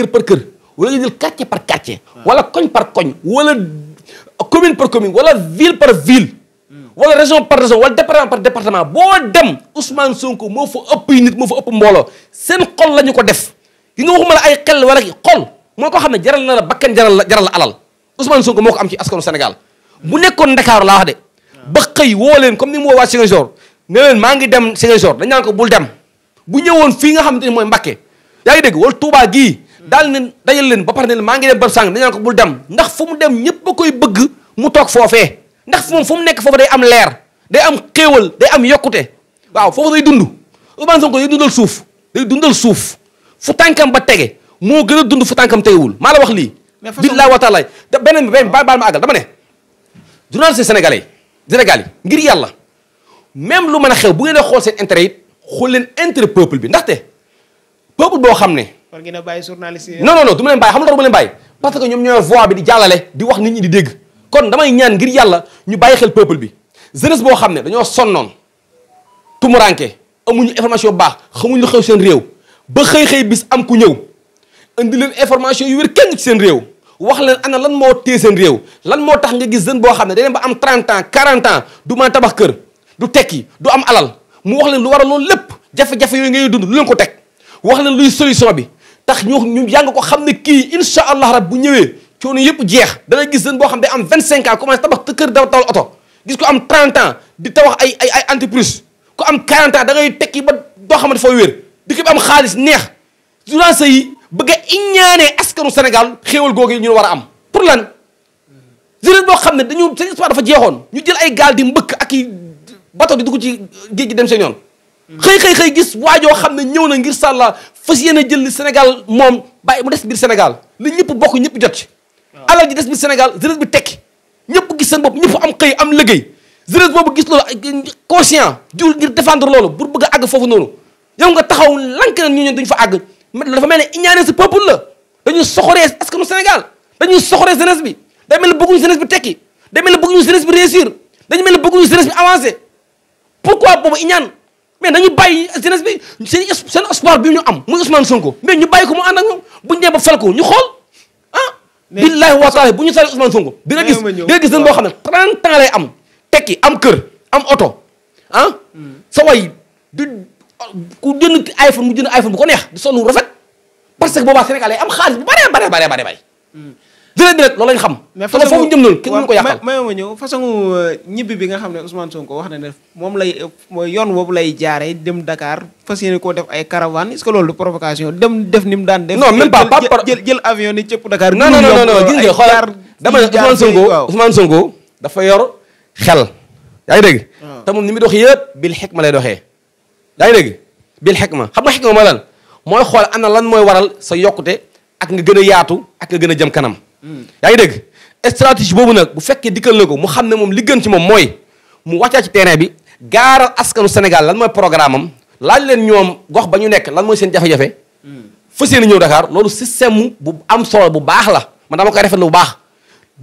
kër par kër wala nga jël quartier par quartier. wala koñ par koñ wala commune par commune wala ville par ville. wala région par région wala département boo dem Ousmane Sonko moo fa ëpp nit moo fa ëpp mbooloo seen xol la ñu ko def yi nga waxuma la ay xel wala xol moo ko xam ne jaral na la bakkan jaral la jaral la alal Ousmane Sonko moo ko am ci askanu Sénégal bu nekkoon Ndakaaru laa wax de. ba woo leen comme ni mu woo waa Ziguinchor ne leen maa ngi dem Ziguinchor dañ naan ko bul dem bu ñëwoon fii nga xamante ni mooy Mbacké daal ne dajal leen ba pare ne maa ngi dem bërëb sàng dañaan ko bul dem ndax fu mu dem ñëpp a koy bëgg mu toog foofee ndax moom fu mu nekk foofu day am leer day am xéewal day am yokkute waaw foofu day dund Ousmane Sonko day dundal suuf day dundal suuf fu tànkam ba tege moo gën a dund fu tànkam tegewul maa la wax lii billahi wa taala beneen beneen baal ma àggal dama ne journaliste sénégalais yi sénégal yi ngir yàlla même lu mën a xew bu ngeen a xool seen intérêt yi xool leen intérêt peuple bi ndaxte peuple boo xam ne war ngeen a bàyyi journaliste yi. non non non du ma leen bàyyi xam nga lu ma leen bàyyi parce que kon damay ñaan ngir yàlla ñu bàyyi xel peuple bi jeunesse boo xam ne dañoo sonnoon tumuranke amuñu information bu baax xamuñu lu seen réew ba xëy-xëy bis am ku ñëw indi leen information yu wér kenn seen réew wax leen ana lan moo téye seen réew lan moo tax nga gis jeune boo xam ne daneen ba am 30 ans 40 ans du mën a tabax kër du tekki du am alal mu wax leen lu war a loolu lépp jafe-jafe yooyu ngay dund lu leen ko teg wax leen luy solution bi tax ñu ñu jàng ko xam ne kii incha allah rab bu ñëwee coono yëpp jeex dana gis seen boo xam ne am 25 ans commencé tabax kër daw tawal oto gis ko am 30 ans di tabax ay ay ay entreprise ko am 40 ans da ngay tekki ba doo xamante foo wér dëkk bi am xaalis neex journaliste yi bëgg a iñaanee askanu Sénégal xéewal googu ñu war a am pour lan jeunesse boo xam ne dañu seen espoir dafa jeexoon ñu jël ay gaal di mbëkk ak i bato di dugg ci géej gi dem seen yoon xëy xëy xëy gis waajoo xam ne ñëw na ngir sàlla fas yéene jël li Sénégal moom bàyyi mu des biir Sénégal li ñëpp bokk ñëpp jot ci. alal ji des biir Sénégal jeunesse bi tekki ñëpp gis seen bopp ñëpp am xëy am liggéey jeunesse boobu gis loolu conscient jur ngir défendre loolu pour bëgg a àgg foofu noonu yow nga taxaw lank na ñu ñun duñ fa àgg dafa mel ne iñaane sa peuple la dañu soxoree askanu Sénégal dañu soxoree jeunesse bi day mel ne bëgguñu jeunesse bi tekki day ne bëgguñu jeunesse bi réussir dañu mel ne bëgguñu jeunesse bi avancer pourquoi boobu iñaan mais nañu bàyyi jeunesse seen seen espoir bi ñu am muy Ousmane Sonko mais ñu bàyyi ko mu ànd ak ñoom bu ñu ba fal ñu xool ah. billaahi wa taala bu ñu salee Ousmane Sonko. dina gis dina gis dañ boo xam ne 30 ans lay am tekki am kër am oto ah. Hmm. sa way du ku jënd iPhone mu jënd iPhone bu ko neex di sonn rafet parce que boobaa Sénégal yi am xaalis bu bare bare bare bare. dërët dërët loolu mais façon foofu jëm noonu kenn mënu ko yàqal. Euh, bi nga xam ne Ousmane Sonko wax na ne moom lay mooy yoon boobu lay jaaree dem Dakar fas yéene koo def ay caravane est-ce que dem def ni mu daan def. non même pas par jël jël avion ni cëpp Dakar. non non non non dama ne Ousmane Sonko Ousmane Sonko dafa yor xel. yaa ngi dégg. Ah. te moom ni muy dox yëpp bil ma lay doxee. yaa ngi dégg bil ma xam nga xikma mooy lan mooy xool na lan mooy waral sa yokkute ak nga gën a yaatu ak nga gën a jëm kanam yaa ngi dégg stratégie boobu nag bu fekkee dikkal na ko mu xam ne moom li ci moom mooy mu wàccaa ci terrain bi gaaral askanu Sénégal lan mooy programme am laaj leen ñoom gox ba ñu nekk lan mooy seen jafe-jafe fas yéene ñëw Dakar loolu système bu am solo bu baax la man dama koy rafetlu bu baax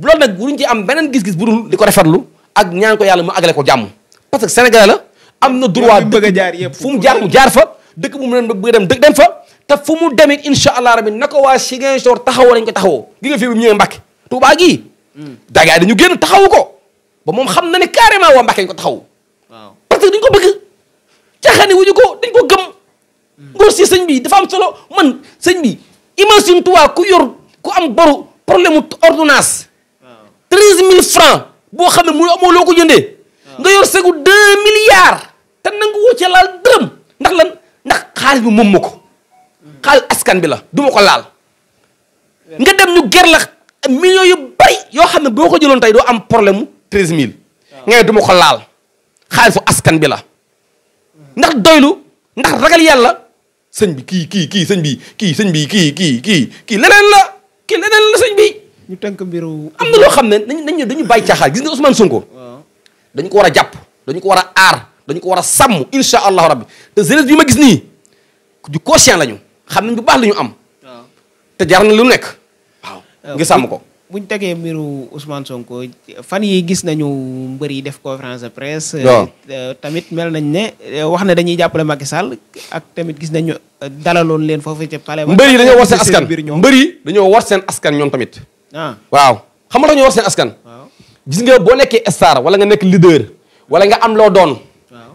loolu nag wuruñ ci am beneen gis-gis bu dul di ko rafetlu ak ñaan ko yàlla mu agale ko jàmm parce que Sénégal la am na droit bëgg a jaar yëpp fu mu jaar mu jaar fa dëkk bu mu leen bëgg dem dëkk dem fa te fu mu demit incha allah rabbi na ko waa Ziguinchor taxawoo lañ ko taxawoo gi nga fi bu ñëwee Mbàkke Tuubaa gii hmm. ko ba moom xam na ne carrément waa Mbàkke ñu ko taxawu parce que dañ ko bëgg caaxaani wuñu ko dañ ko gëm hmm. si sëñ bi dafa am solo man sëñ bi imagine toi ku yor ku am boru problème ordonnance treize mille francs boo xam ne mu amoo loo ko jëndee nga yor segu deux milliards te nangu woo laal dërëm xaalis bi moom ko xaalis askan bi la du ma ko laal nga dem ñu ger la millions yu bari yoo xam ne boo ko jëloon tey doo am problème mu treize mille nga ne du ma ko laal xaalisu askan bi la ndax doylu ndax ragal yàlla sëñ bi kii kii kii sëñ bi kii sëñ bi kii kii kii kii leneen la kii leneen la sañ bi ñu tënk mbiru am na loo xam ne dañ dañ dañu bàyyi caaxaan gis nga Ousmane Sonko dañ ko war a jàpp dañu ko war a aar dañu ko war a sàmm insha allahu rabbi te jeunesse bi ma gis nii du conscient lañu xam nañ bu baax li ñu am. te jar na lu nekk. waaw euh, nga sàmm ko. bu ñu tegee mbiru Ousmane Sonko fan yi gis nañu mbër yi def conférence de presse. Euh, tamit mel nañ ne euh, wax ne dañuy jàppale Macky Sall ak tamit gis nañu dalaloon leen foofu ca palais. yi dañoo war seen askan mbër yi dañoo war seen askan ñoom tamit. Ah. waaw xam nga dañoo war seen askan. gis nga boo nekkee star wala nga nekk leader. wala nga am loo doon.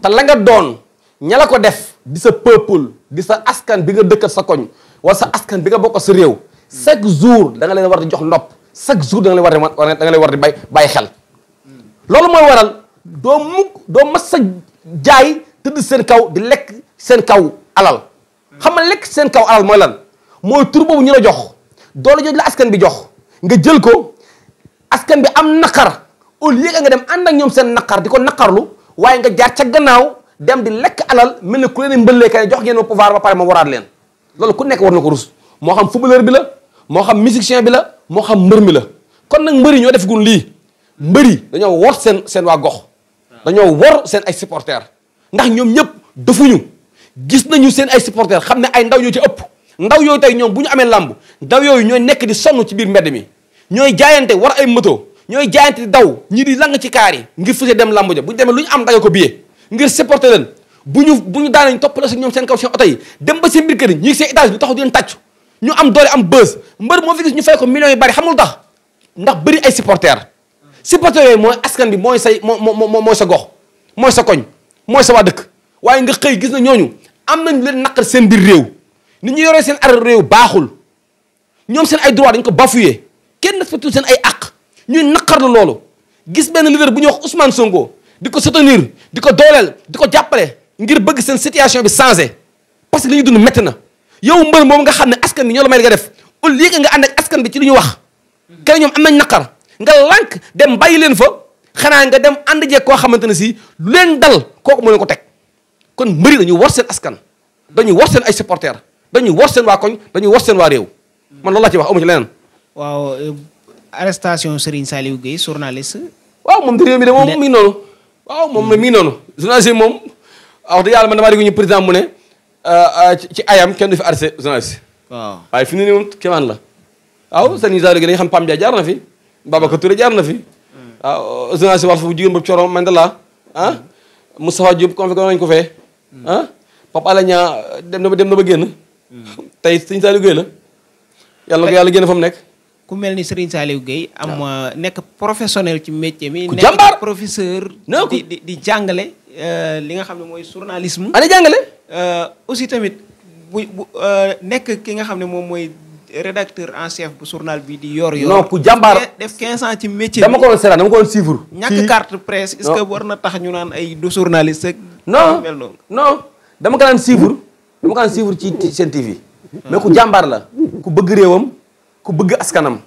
te la nga doon. ña la ko def di sa peuple di sa askan bi nga dëkkat sa koñ wala sa askan bi nga bokk sa réew chaque jour da leen war di jox nopp chaque jour da nga leen war di da nga war di bay bàyyi xel loolu mooy waral doo mukk doo mas sa jaay tëdd seen kaw di lekk seen kaw alal xam nga lekk seen kaw alal mooy lan mooy tur boobu ñu la jox doole jooju la askan bi jox nga jël ko askan bi am naqar au lieu nga dem ànd ak ñoom seen naqar di ko naqarlu waaye nga jaar ca gannaaw dem di lekk alal mel ne ku leen mbëllee jox ngeen ma pouvoir ba pare ma waraat leen loolu ku nekk war na ko rus moo xam footballeur bi la moo xam musicien bi la moo xam mbër mi la kon nag mbëri ñoo def gun lii mbëri dañoo wor seen seen waa gox dañoo wor seen ay supporters ndax ñoom ñëpp defuñu gis nañu seen ay supporters xam ne ay ndaw ñoo ci ëpp ndaw yooyu tey ñoom bu ñu amee làmb ndaw yooyu ñooy nekk di sonn ci biir mbedd mi ñooy jaayante war ay moto ñooy jaayante di daw ñii di lang ci kaar yi ngir fësee dem làmb ja bu demee lu ñu am dagee ko billet ngir supporter leen bu ñu bu ñu daanañ toppaloo si ñoom seen kaw seen oto yi dem ba seen biir kër yi ñu ngi seen étage bi taxaw di leen tàccu ñu am am bës mbër moo ñu fay ko millions yu bari xamul tax ndax bëri ay supporter supporter yooyu mooy askan bi mooy say moo moo sa gox mooy sa koñ mooy sa dëkk waaye nga xëy gis na ñooñu am nañ leen naqar seen biir réew ni ñu yoree seen ar réew baaxul ñoom seen ay droit dañ ko bafoué kenn respecté seen ay àq ñuy naqar la loolu gis benn leader bu ñu wax Ousmane Sonko di ko soutenir di ko dooleel di ko jàppale ngir bëgg seen situation bi changé parce que li ñu dund métti na yow mbër moom nga xam ne askan bi ñoo la may li nga def au lieu que nga ànd askan bi ci lu ñu wax kenn ñoom am nañ naqar nga lànk dem bàyyi leen fa xanaa nga dem ànd jeeg koo xamante ne si lu leen dal kooku moo ne ko teg kon mbëri dañu war seen askan dañu war seen ay supporters dañu war seen waa koñ dañu war seen waa réew man loolu laa ci wax amu ci leneen waaw euh, arrestation Serigne Saliou Gueye journaliste waaw moom de réew mi de moom mi noonu waaw moom mi ngi noonu journaliste yi moom wax dëgg yàlla man damaa dégg ñu président mu ne euh, euh, ci ayam kenn du fi arrêté journaliste. waaw waaye fi mu ne nii moom kéemaan la. waaw seen usage gi dañuy xam Pam Dia jaar na fi Babacar Touré jaar na fi. waaw journaliste wax foofu jigéen boobu Coro Mandela ah Moustapha Diop kon nañu ko fee. ah Pape Alé Niang euh, dem na ba dem na ba génn. Hmm. tey sëñ Saliou Guèye la. yàlla ko yàlla génn fa mu nekk. ku mel ni Serigne Saliou Gueye am euh, nekk professionnel ci métier mi nekk professeur di di di jàngale euh, li nga xam ne mooy journalisme euh, aussi tamit bu nekk ki nga xam ne moom mooy rédacteur en chef bu journal bi di yor yor ku jàmbaar def 15 ans ci métier dama ko doon seetaan dama ko doon suivre ñu naan ay du journaliste ak non dama ko daan suivre dama ko daan suivre ci seen TV mais ku jàmbaar la ku bëgg réewam ku bëgg askanam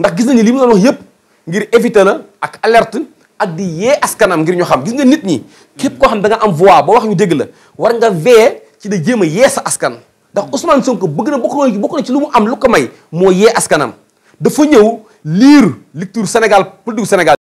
ndax gis nañu li mu doon wax yépp ngir éviter la ak alerte ak di yee askanam ngir ñoo xam gis nga nit ñi képp koo xam da nga am voix ba wax ñu dégg la war nga veiller ci da jéem a yee sa askan ndax Ousmane Sonko bëgg na bokk na bokk na ci lu mu am lu ko may moo yee askanam dafa ñëw lire lecture Sénégal politique Sénégal